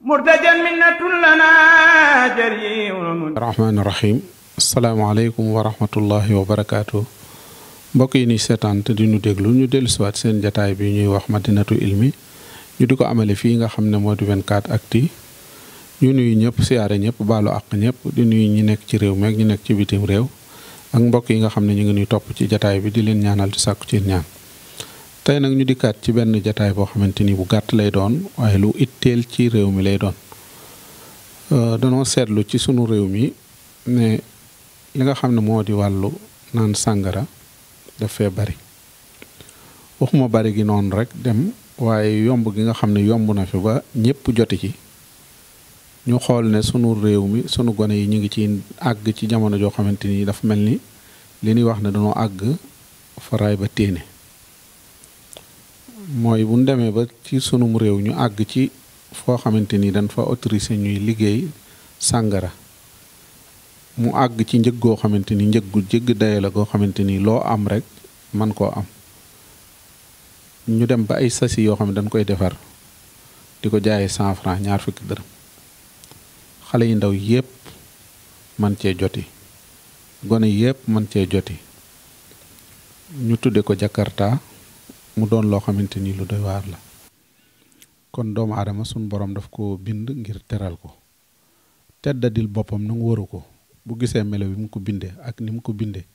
murtajan minnatun lana jariun rahmaani rahim asalaamaaleykum wa rahmatullahi wa barakaatu mbokk yi ni seetaan te di nu déglu ñu dellusiwaat seen jataay bi ñuy wax madinatu ilmi ñu di ko amale fii nga xam ne moo di 24 actu ñu nuyu ñëpp siyaare ñëpp baalu àq ñëpp di nuyu ñi nekk ci réew mi ñu nekk ci bitim réew ak mbokk yi nga xam ne ñu ngi nuy topp ci jataay bi di leen ñaanal ci sàkku ci ñaan tey nag ñu dikkaat ci benn jataay boo xamante ni bu gàtt lay doon waaye lu itteel ci réew mi lay doon euh, danoo seetlu ci sunu réew mi ne li nga xam ne moo di wàllu naan sàngara daf fee bari waxuma bari gi noonu rek dem waaye yomb gi nga xam ne yomb na fi ba ñépp joti ci ñu xool ne sunu réew mi sunu gone yi ñu ngi ci àgg ci jamono joo xamante ni dafa mel ni li ñuy wax ne danoo àgg faraay ba téene mooy bu ñu demee ba ci sunum réew ñu àgg ci foo xamante ni dañ fa autorisé ñuy liggéey sàngara mu àgg ci njëg goo xamante ni njëg gu jégg daye la goo xamante ni loo am rek man koo am ñu dem ba ay sasi yoo xam ne dañ koy defar di ko jaayee cent franc ñaar fukki dërëm xale yu ndaw yépp man cee joti gone yépp man cee joti ñu tudde ko Jakarta mu doon loo xamante ni lu doy waar la kon doomu aadama suñ borom daf ko bind ngir teral ko teddadil boppam nag waru ko bu gisee melo yi mu ko bindee ak ni mu ko bindee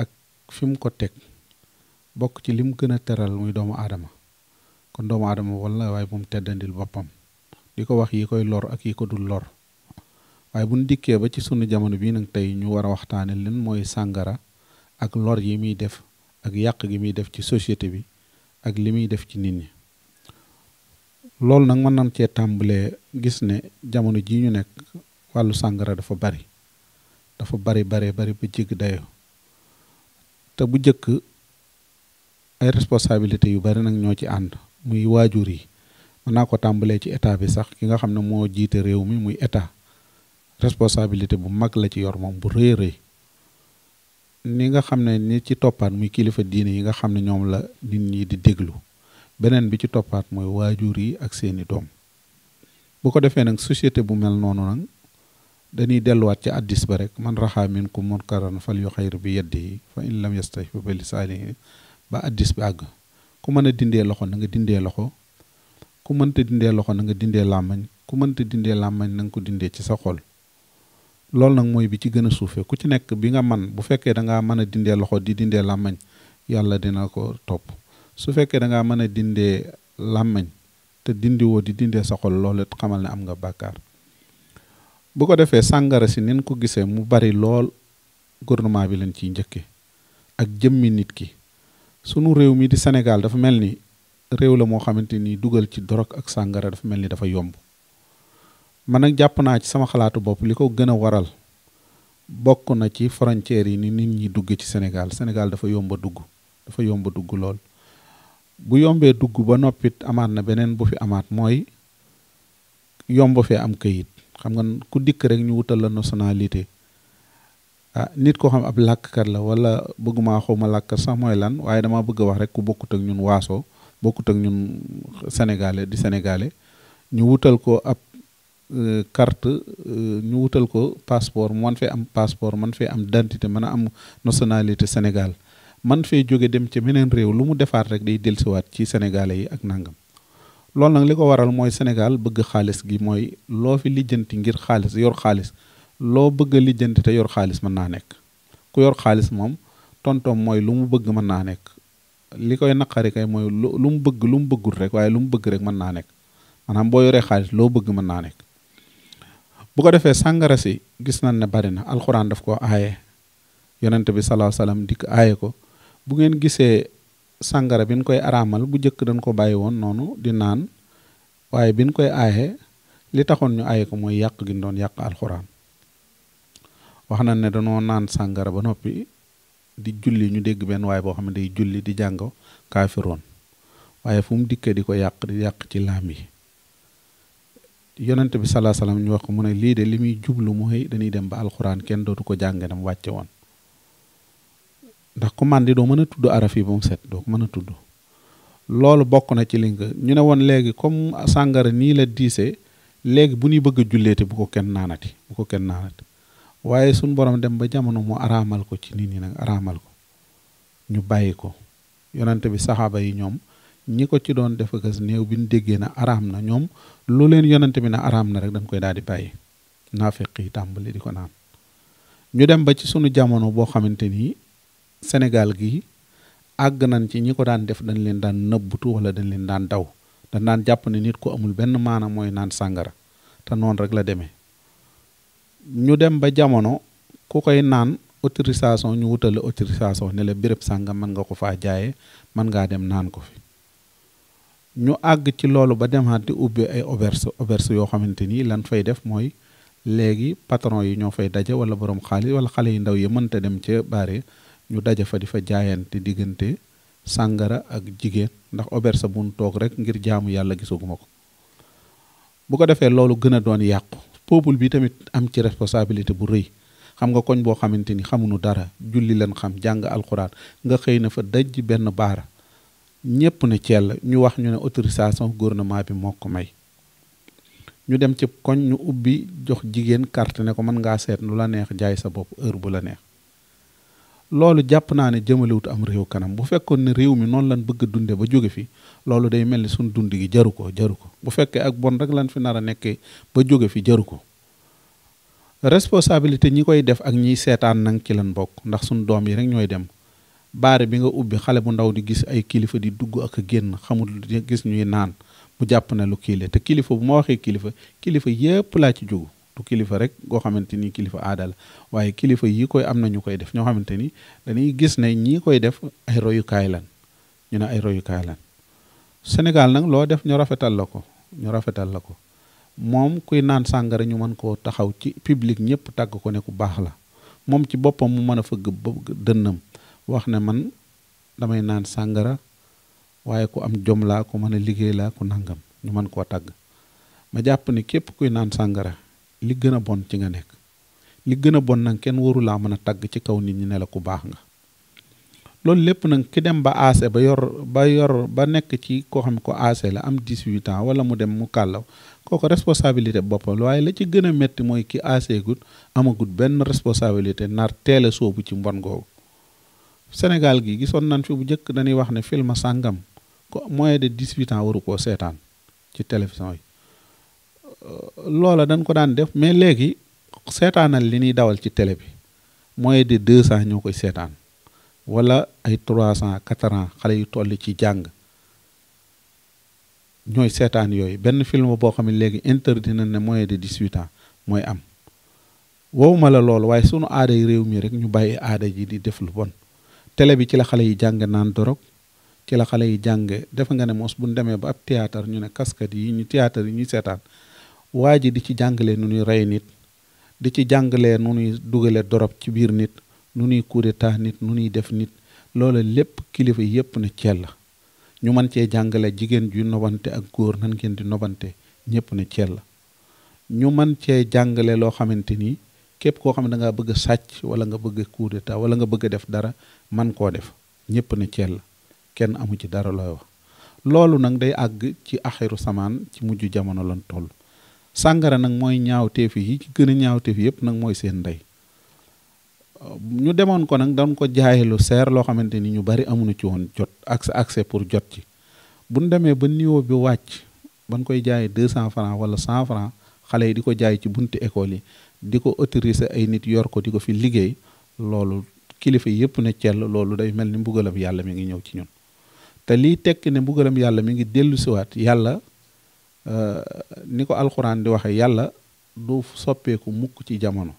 ak fi mu ko teg bokk ci li mu gën a teral muy doomu aadama kon doomu aadama wala waaye bu mu teddandil boppam li ko wax yi koy lor ak yi ko dul lor waaye bu dikkee ba ci sunu jamono bii nag tey ñu war a waxtaane leen mooy sàngara ak lor yi muy def ak yàq gi muy def ci société bi ak li muy def ci nit ñi loolu nag mën nañ cee tàmbalee gis ne jamono ji ñu nekk wàllu sàngara dafa bari dafa bari bari bari ba jégg dayoo te bu jëkk ay responsabilité yu bari nag ñoo ci ànd muy waajur yi mën naa ko tàmbalee ci état bi sax ki nga xam ne moo jiite réew mi muy état responsabilité bu mag la ci yor moom bu rëy rëy ni nga xam ne ni ci toppaat muy kilifa diine yi nga xam ne ñoom la nit ñi di déglu beneen bi ci toppaat mooy waajur yi ak seeni doom bu ko defee nag société bu mel noonu nag danuy delluwaat ci addis ba rek man raxaa min ku munkaran fal yu xayr bi yeddi fa in lam yastay fa bilisaanihi ba addis bi àgg ku mën a dindee loxo na nga dindee loxo ku mënta dindee loxo na nga dindee làmmañ ku mënta dindee làmmañ na nga ko dindee ci sa xol loolu nag mooy bi ci gën a suufee ku ci nekk bi nga man bu fekkee dangaa ngaa mën a dindee loxo di dindee làmmañ yàlla dina ko topp su fekkee dangaa ngaa mën a dindee làmmañ te dindiwoo di dindee sa xol loolu xamal ne am nga bàkkaar bu ko defee sàngara si nin ko gisee mu bari lool gouvernement bi leen ciy njëkke ak jëmmi nit ki sunu réew mi di Sénégal dafa mel ni réew la moo xamante ni dugal ci dorog ak sàngara dafa mel ni dafa yomb man nag jàpp naa ci sama xalaatu bopp li ko gën a waral bokk na ci frontières yi ni nit ñi dugg ci Sénégal Sénégal dafa yomba dugg dafa yomba dugg lool bu yombee dugg ba noppit amaat na beneen bu fi amaat mooy yomb fee am këyit xam nga ku dikk rek ñu wutal la nationalité ah nit koo xam ab làkkat la wala bëgguma ma làkkat sax mooy lan waaye dama bëgg a wax rek ku bokkut ak ñun waaso bokkut ak ñun sénégalais di sénégalais ñu wutal ko ab Euh, carte euh, ñu wutal ko passeport man fee am passeport man fee am dantité mën a am nationalité Sénégal man fee jóge dem ci meneen réew lu mu defaat rek day dellusiwaat ci sénégalais yi ak nangam loolu nag li ko waral mooy Sénégal bëgg xaalis gi mooy loo fi lijjanti ngir xaalis yor xaalis loo bëgg a yor xaalis mën naa nekk ku yor xaalis moom tontoom mooy lu mu bëgg mën naa nekk li koy naqari kay mooy lu mu bëgg lu mu bëggul rek waaye lu mu bëgg rek mën naa nekk maanaam boo yoree xaalis loo bëgg mën naa nekk bu ko defee sàngara si gis nañ ne bari na alxuraan def ko aaye yonent bi salaa salaam dikk aaye ko bu ngeen gisee sàngara bi ñu koy araamal bu njëkk dañ ko bàyyi woon noonu di naan waaye bi ñu koy aaye li taxoon ñu aaye ko mooy yàq gi ñu doon yàq alxuraan wax na ne dañoo naan sàngara ba noppi di julli ñu dégg benn waaye boo xam ne day julli di jàngo kaafiroon waaye fu dikkee di ko yàq di yàq ci laam yi yonent bi salaa salaam ñu wax ko mu ne lii de li muy jublu mu mooy dañuy dem ba alxuraan kenn dootu ko jàng mu wàcce woon ndax commande yi doo mën a tudd araf yi ba mu set doo ko mën a tudd loolu bokk na ci li ñu ne woon léegi comme sàngara nii la diisee léegi bu ñuy bëgg a julleeti bu ko kenn naanati bu ko kenn naanati waaye suñ borom dem ba jamono mu araamal ko ci nit ñi nag araamal ko ñu bàyyi ko yonent bi saxaaba yi ñoom ñi ko ci doon def néew bi ñu déggee na araam na ñoom lu leen yonante bi na araam na rek dañ koy daal di bàyyi naafeq yi tàmbali di ko naan ñu dem ba ci sunu jamono boo xamante nii Sénégal gi àgg nañ ci ñi ko daan def dañ leen daan nëbbutu wala dañ leen daan daw dañ daan jàpp ne nit ku amul benn maana mooy naan sàngara te noonu rek la demee ñu dem ba jamono ku koy naan autorisation ñu wutale autorisation ne la béréb sàngam mën nga ko faa jaaye mën ngaa dem naan ko fi ñu àgg ci loolu ba dem xante ubbi ay auberge auberge yoo xamante ni lan fay def mooy léegi patron yi ñoo fay daje wala borom xaalis wala xale yu ndaw yi mënta dem ca baare ñu daje fa di fa jaayante diggante sàngara ak jigéen ndax auberge bu ñu toog rek ngir jaamu yàlla gisaguma ko bu ko defee loolu gën a doon yàqu peuple bi tamit am ci responsabilité bu rëy xam nga koñ boo xamante ni xamuñu dara julli leen xam jàng alxuraan nga xëy na fa daj benn baara ñëpp ne cell ñu wax ñu ne autorisation gouvernement bi moo ko may ñu dem ci koñ ñu ubbi jox jigéen carte ne ko mën ngaa seet lu la neex jaay sa bopp heure bu la neex loolu jàpp naa ne jëmalewut am réew kanam bu fekkoon ne réew mi noonu lan bëgg dunde ba jóge fi loolu day mel ni suñ dund gi jaru ko jaru ko bu fekkee ak bon rek lan fi nar a nekkee ba jóge fi jaru ko responsabilité ñi koy def ak ñiy seetaan nang ci lan bokk ndax suñ doom yi rek ñooy dem baare bi nga ubbi xale bu ndaw di gis ay kilifa di dugg ak a génn xamul gis ñuy naan mu jàpp na lu kiile te kilifa bu ma waxee kilifa kilifa yépp laa ci jógu tu kilifa rek goo xamante ni kilifa aada waaye kilifa yi koy am na ñu koy def ñoo xamante ni dañuy gis ne ñii koy def ay royukaay lan ñu ne ay royukaay lan Sénégal nag loo def ñu rafetal la ko ñu rafetal la ko moom kuy naan sàngara ñu mën koo taxaw ci public ñëpp tàgg ko ne ku baax la moom ci boppam mu mën a fëgg dënnam wax ne man damay naan sàngara waaye ku am jom laa ku mën a liggéey laa ku nangam ñu mën koo tagg ma jàpp ni képp kuy naan sàngara li gën a bon ci nga nekk li gën a bon nag kenn waru laa mën a tagg ci kaw nit ñi ne la ku baax nga loolu lépp nag ki dem ba aase ba yor ba yor ba nekk ci koo xam ko aase la am 18 ans wala mu dem mu kàllaw kooku responsabilité boppam waaye la ci gën a métti mooy ki aase gut amagut benn responsabilité nar teel a soobu ci mbon googu Sénégal gi gisoon nañ fi bu njëkk dañuy wax ne film sàngam ko moyen de dix-huit waru koo seetaan ci télévision yi euh, loola dañ ko daan def mais léegi seetaanal li ñuy dawal ci télé bi moyen de deux cent ñoo koy seetaan wala ay trois cent quatre ans xale yu toll ci jàng ñooy seetaan yooyu benn film boo xam ne léegi interdit na ne moyen de dix-huit mooy am wowuma la loolu waaye sunu aada yi réew mi rek ñu bàyyi aada ji di def lu bon tele bi ci la xale yi jàng naan dorog ci la xale yi jàng defa nga ne moos bu ñu demee ba ab théâtre ñu ne kaskat yi ñu théâtre yi ñuy seetaan waa ji di ci jàngalee nu ñuy rey nit di ci jàngalee nu ñuy dugale dorog ci biir nit nu ñuy coup d'état nit nu ñuy def nit loolu lépp kilifa yépp ne ceel la ñu mën cee jàngale jigéen ju nobante ak góor nan ngeen di nobante ñépp ne ceel la ñu mën cee jàngale loo xamante ni képp koo xam ne da ngaa bëgg sàcc wala nga bëgg a coup wala nga bëgg a def dara man koo def ñëpp ne ceel kenn amu ci dara looy wa loolu nag day àgg ci axiru samaan ci mujj jamono lan toll sàngara nag mooy ñaawteef yi ci gën a ñaawteef yëpp nag mooy seen ndey ñu demoon ko nag dañ ko jaaye lu seer loo xamante ni ñu bari amuñu ci woon jot accès accès pour jot ci bu nu demee ba niveau bi wàcc ban koy jaayee deux cent francs wala cent francs xale yi di ko jaay ci bunti école yi di ko autorisé ay nit yor ko di ko fi liggéey loolu kilifa yëpp ne cell loolu day mel ni mbugalam yàlla mi ngi ñëw ci ñun te liy tekki ne mbugalam yàlla mi ngi dellu siwaat yàlla euh, ni ko alxuraan di waxe yàlla du soppeeku mukk ci jamono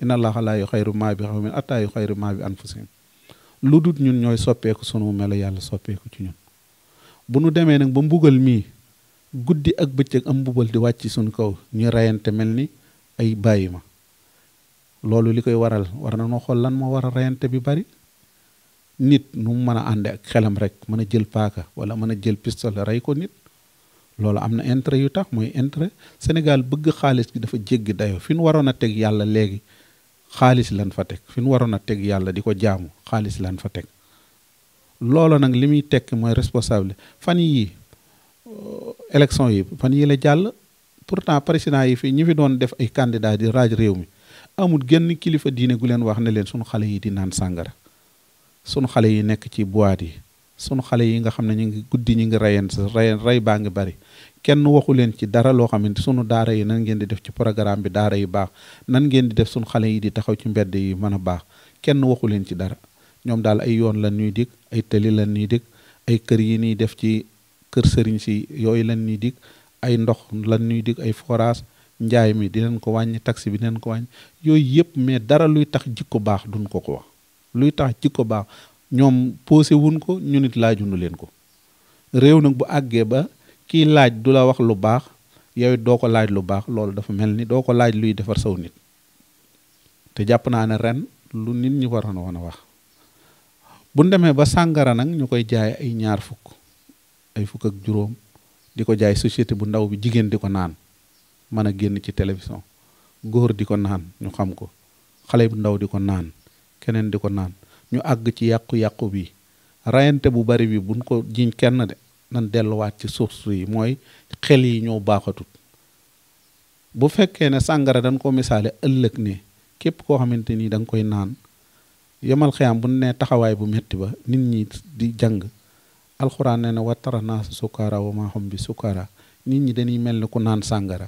inna la xalaayu yuxayyiru maa bi xawmin hattaa yuxayyiru maa bi anfusihim lu dut ñun ñooy soppeeku sunu melo yàlla soppeeku ci ñun bu nu demee nag ba mbugal mii guddi ak bëccëg am mbubal di wàcc suñu kaw ñu reyante mel ni ay bàyyi ma loolu li koy waral war na noo xool lan moo war a reyante bi bari nit nu mu mën a ànd ak xelam rek mën a jël paaka wala mën a jël pistolet rey ko nit loolu am na intérêt yu tax mooy intérêt Sénégal bëgg xaalis gi dafa jégg dayoo fi nu waroon a teg yàlla léegi xaalis lan fa teg fi nu waroon a teg yàlla di ko jaamu xaalis lan fa teg loolu nag li muy tekk mooy responsable fan yii élection yi fan yi la jàll pourtant président yi fi ñi fi doon def ay candidat di raaj réew mi amul genn kilifa diine gu leen wax ne leen sunu xale yi di naan sàngara sunu xale yi nekk ci boîte yi sunu xale yi nga xam ne ñu ngi guddi ñu ngi rayen sa rayen rey baa ngi bari kenn waxu leen ci dara loo xam sunu daara yi nan ngeen di def ci programme bi daara yi baax nan ngeen di def sunu xale yi di taxaw ci mbedd yi mën a baax kenn waxu leen ci dara ñoom daal ay yoon la ñuy dig ay tëli la ñuy dig ay kër yi ñuy def ci kër sëriñ si yooyu lan ñuy dig ay ndox lan ñuy dig ay forage njaay mi di leen ko wàññi taxi bi di leen ko wàññi yooyu yëpp mais dara luy tax jikko baax duñ ko ko wax luy tax jikko baax ñoom posé wuñ ko ñu nit laajunu leen ko réew nag bu àggee ba kii laaj du la wax lu baax yow doo ko laaj lu baax loolu dafa mel ni doo ko laaj luy defar saw nit te jàpp naa ne ren lu nit ñi waroon a wax bu ñu demee ba sàngara nag ñu koy jaay ay ñaar fukk ay fukk ak juróom di ko jaay société bu ndaw bi jigéen di ko naan mën a génn ci télévision góor di ko naan ñu xam ko xale bu ndaw di ko naan keneen di ko naan ñu àgg ci yàqu-yàqu bi reyante bu bari bi buñ ko jiñ kenn de nan delluwaat ci source yi mooy xel yi ñoo baaxatut bu fekkee ne sàngara dañ ko misaale ëllëg ne képp koo xamante ni danga koy naan yemal xiyam bu ne taxawaay bu metti ba nit ñi di jàng alxuraan ne ne wattara naa sukkaara wa maa hum bi sukkaara nit ñi dañuy mel ni ku naan sàngara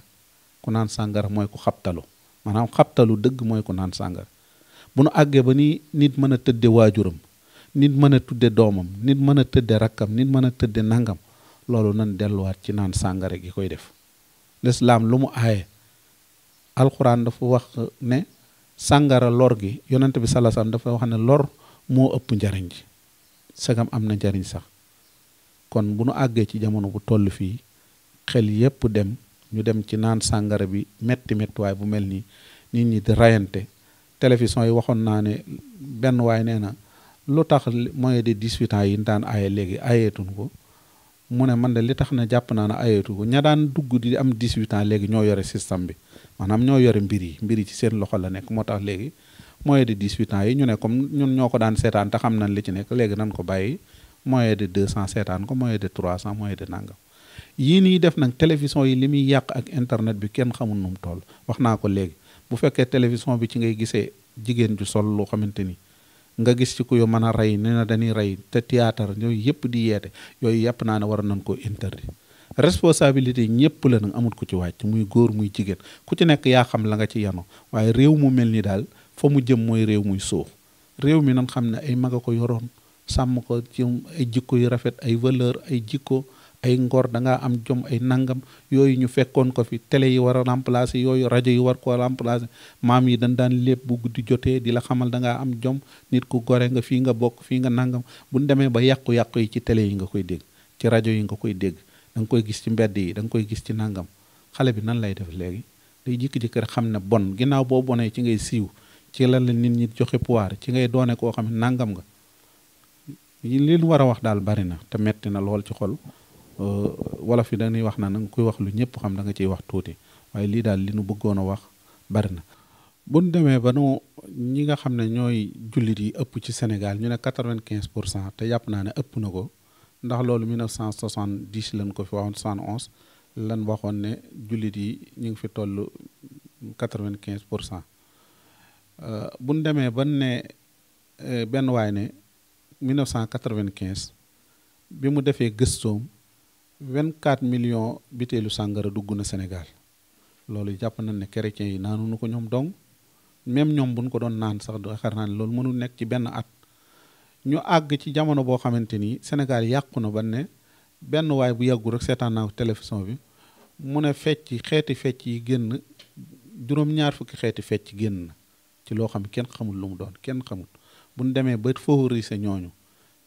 ku naan sàngara mooy ku xabtalu maanaam xabtalu dëgg mooy ku naan sàngara bu nu àggee ba ni nit mën a tëdde waajuram nit mën a tudde doomam nit mën a tëdde rakkam nit mën a tëdde nangam loolu nan delluwaat ci naan sàngara gi koy def lislaam lu mu aaye alxuraan dafa wax ne sàngara lor gi yonent bi salaasam dafa wax ne lor moo ëpp njariñ ji sagam am na njariñ sax kon bu nu àggee ci jamono bu toll fii xel yépp dem ñu dem ci naan sàngara bi metti metti waay bu mel nii nit ñi di rayante télévision yi waxoon naa ne benn waay nee na lu tax moyen de 18 ans yi ñu daan aye léegi ayeetuñ ko mu ne man de li tax na jàpp naa ne ayeetu ko ña daan dugg di am 18 ans léegi ñoo yore système bi maanaam ñoo yore mbir yi mbir ci seen loxo la nekk moo tax léegi moyen de 18 ans yi ñu ne comme ñun ñoo ko daan seetaan te xam nañ li ci nekk léegi nañ ko bàyyi moyen de deux cent seetaan ko moyen de trois cent moyen de nangam yii nii def nag télévision yi li muy yàq ak internet bi kenn xamul nu tool wax naa ko léegi bu fekkee télévision bi ci ngay gisee jigéen ju sol loo xamante ni nga gis ci ku yo mën a rey ne na dañuy rey te théâtre yooyu yëpp di yeete yooyu yàpp naa ne war nañ koo interdit responsabilité ñëpp la nag amul ku ci wàcc muy góor muy jigéen ku ci nekk yaa xam la nga ci yano waaye réew mu mel ni daal fa mu jëm mooy réew muy suuf réew mi nan xam ne ay mag a ko yoroon sàmm ko ci ay jikko yu rafet ay valeur ay jikko ay ngor da ngaa am jom ay nangam yooyu ñu fekkoon ko fi télé yi war a remplacer yooyu rajo yi war koo remplacer maam yi dañ daan lépp bu guddi jotee di la xamal da ngaa am jom nit ku gore nga fii nga bokk fii nga nangam bu ñu demee ba yàqu-yàqu yi ci télé yi nga koy dégg ci rajo yi nga koy dégg da nga koy gis ci mbedd yi danga koy gis ci nangam xale bi nan lay def léegi day jékki-jékki rek xam ne bon ginnaaw boo bonee ci ngay siiw ci lan la nit ñi joxe pouvoir ci ngay doone koo xam ne nangam nga li ñu war a wax daal bari na te metti na lool ci xol euh, wolof yi dañuy wax na nanga koy wax lu ñëpp xam da nga ciy wax tuuti waaye lii daal li nu bëggoon a wax bari na bu demee ba nu ñi nga xam ne ñooy jullit yi ëpp ci Sénégal ñu ne quatre-vingt-quinze pour cent te yàpp naa ne ëpp na ko ndax loolu 1970 lan ko fi waxoon 71 lan waxoon ne jullit yi ñu ngi fi toll quatre-vingt-quinze pour cent euh, bu demee ba ne euh, benn waay ne 1995 bi mu defee gëstoom 24 millions biteelu sàngara dugg na Sénégal loolu jàpp nañ ne chrétiens yi naanu ko ñoom dong même ñoom buñ ko doon naan sax xar naa ne loolu mënul nekk ci benn at ñu àgg ci jamono boo xamante ni Sénégal yàqu na ba ne benn waay bu yàggu rek seetaan naa télévision bi mu ne fecc xeeti fecc yi génn juróom-ñaar fukki xeeti fecc génn na ci loo xam kenn xamul lu mu doon kenn xamul bu nu demee ba favoriser ñooñu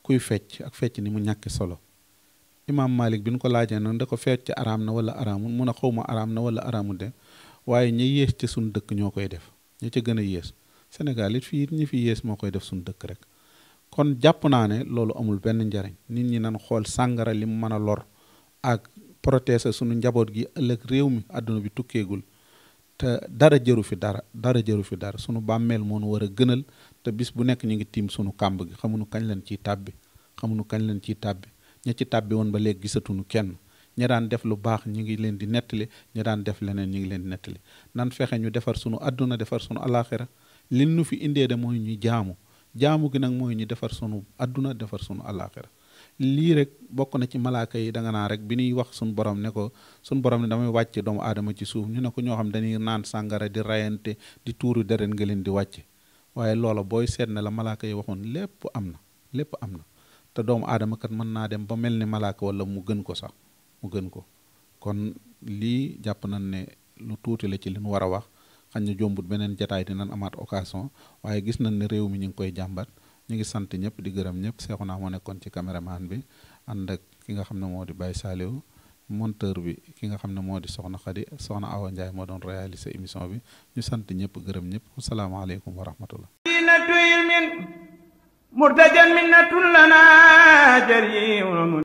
kuy fecc ak fecc ni mu ñàkk solo imaam Malik bi ñu ko laajee nag da ko fecc araam na wala araamul mun a xawma araam na wala araamul de waaye ñi yées ci suñu dëkk ñoo koy def ñi ca gën a yées Sénégal it fii ñi fi yées moo koy def suñu dëkk rek kon jàpp naa ne loolu amul benn njariñ nit ñi nan xool sàngara li mu mën a lor ak protéger suñu njaboot gi ëllëg réew mi àdduna bi tukkeegul te dara jëru fi dara dara jëru fi dara sunu bàmmeel moo war a gënal te bis bu nekk ñu ngi tiim sunu kàmb gi xamuñu kañ lañ ciy tàbbi xamuñu kañ lañ ciy tàbbi ña ci tàbbi woon ba léegi gisatuñu kenn ña daan def lu baax ñu ngi leen di nettali ña daan def leneen ñu ngi leen di nettali nan fexe ñu defar sunu àdduna defar sunu alaxira lin nu fi indee de mooy ñu jaamu jaamu gi nag mooy ñu defar sunu àdduna defar sunu alaxira lii rek bokk na ci malaaka yi da nga naa rek bi ñuy wax suñu borom ne ko suñu borom ne damay wàcce doomu aadama ci suuf ñu ne ko ñoo xam dañuy naan sàngara di reyante di tuuru deret nga leen di wàcce waaye loola booy seet ne la malaaka yi waxoon lépp am na lépp am na te doomu aadama kat mën naa dem ba mel ni malaaka wala mu gën ko sax mu gën ko kon lii jàpp nañ ne lu tuuti la ci li nu war a wax xañ na jombut beneen jataay nan amaat occasion waaye gis nañ ne réew mi ñu ngi koy jàmbat ñu ngi sant ñëpp di gërëm ñëpp seexu naa moo nekkoon ci caméraman bi ànd ak ki nga xam ne moo di bàyyi saalewu monteur bi ki nga xam ne moo di soxna Xadi soxna Awa Ndiaye moo doon réaliser émission bi ñu sant ñëpp gërëm ñëpp asalaamaaleykum wa rahmatullah murtajan minnatun lana jari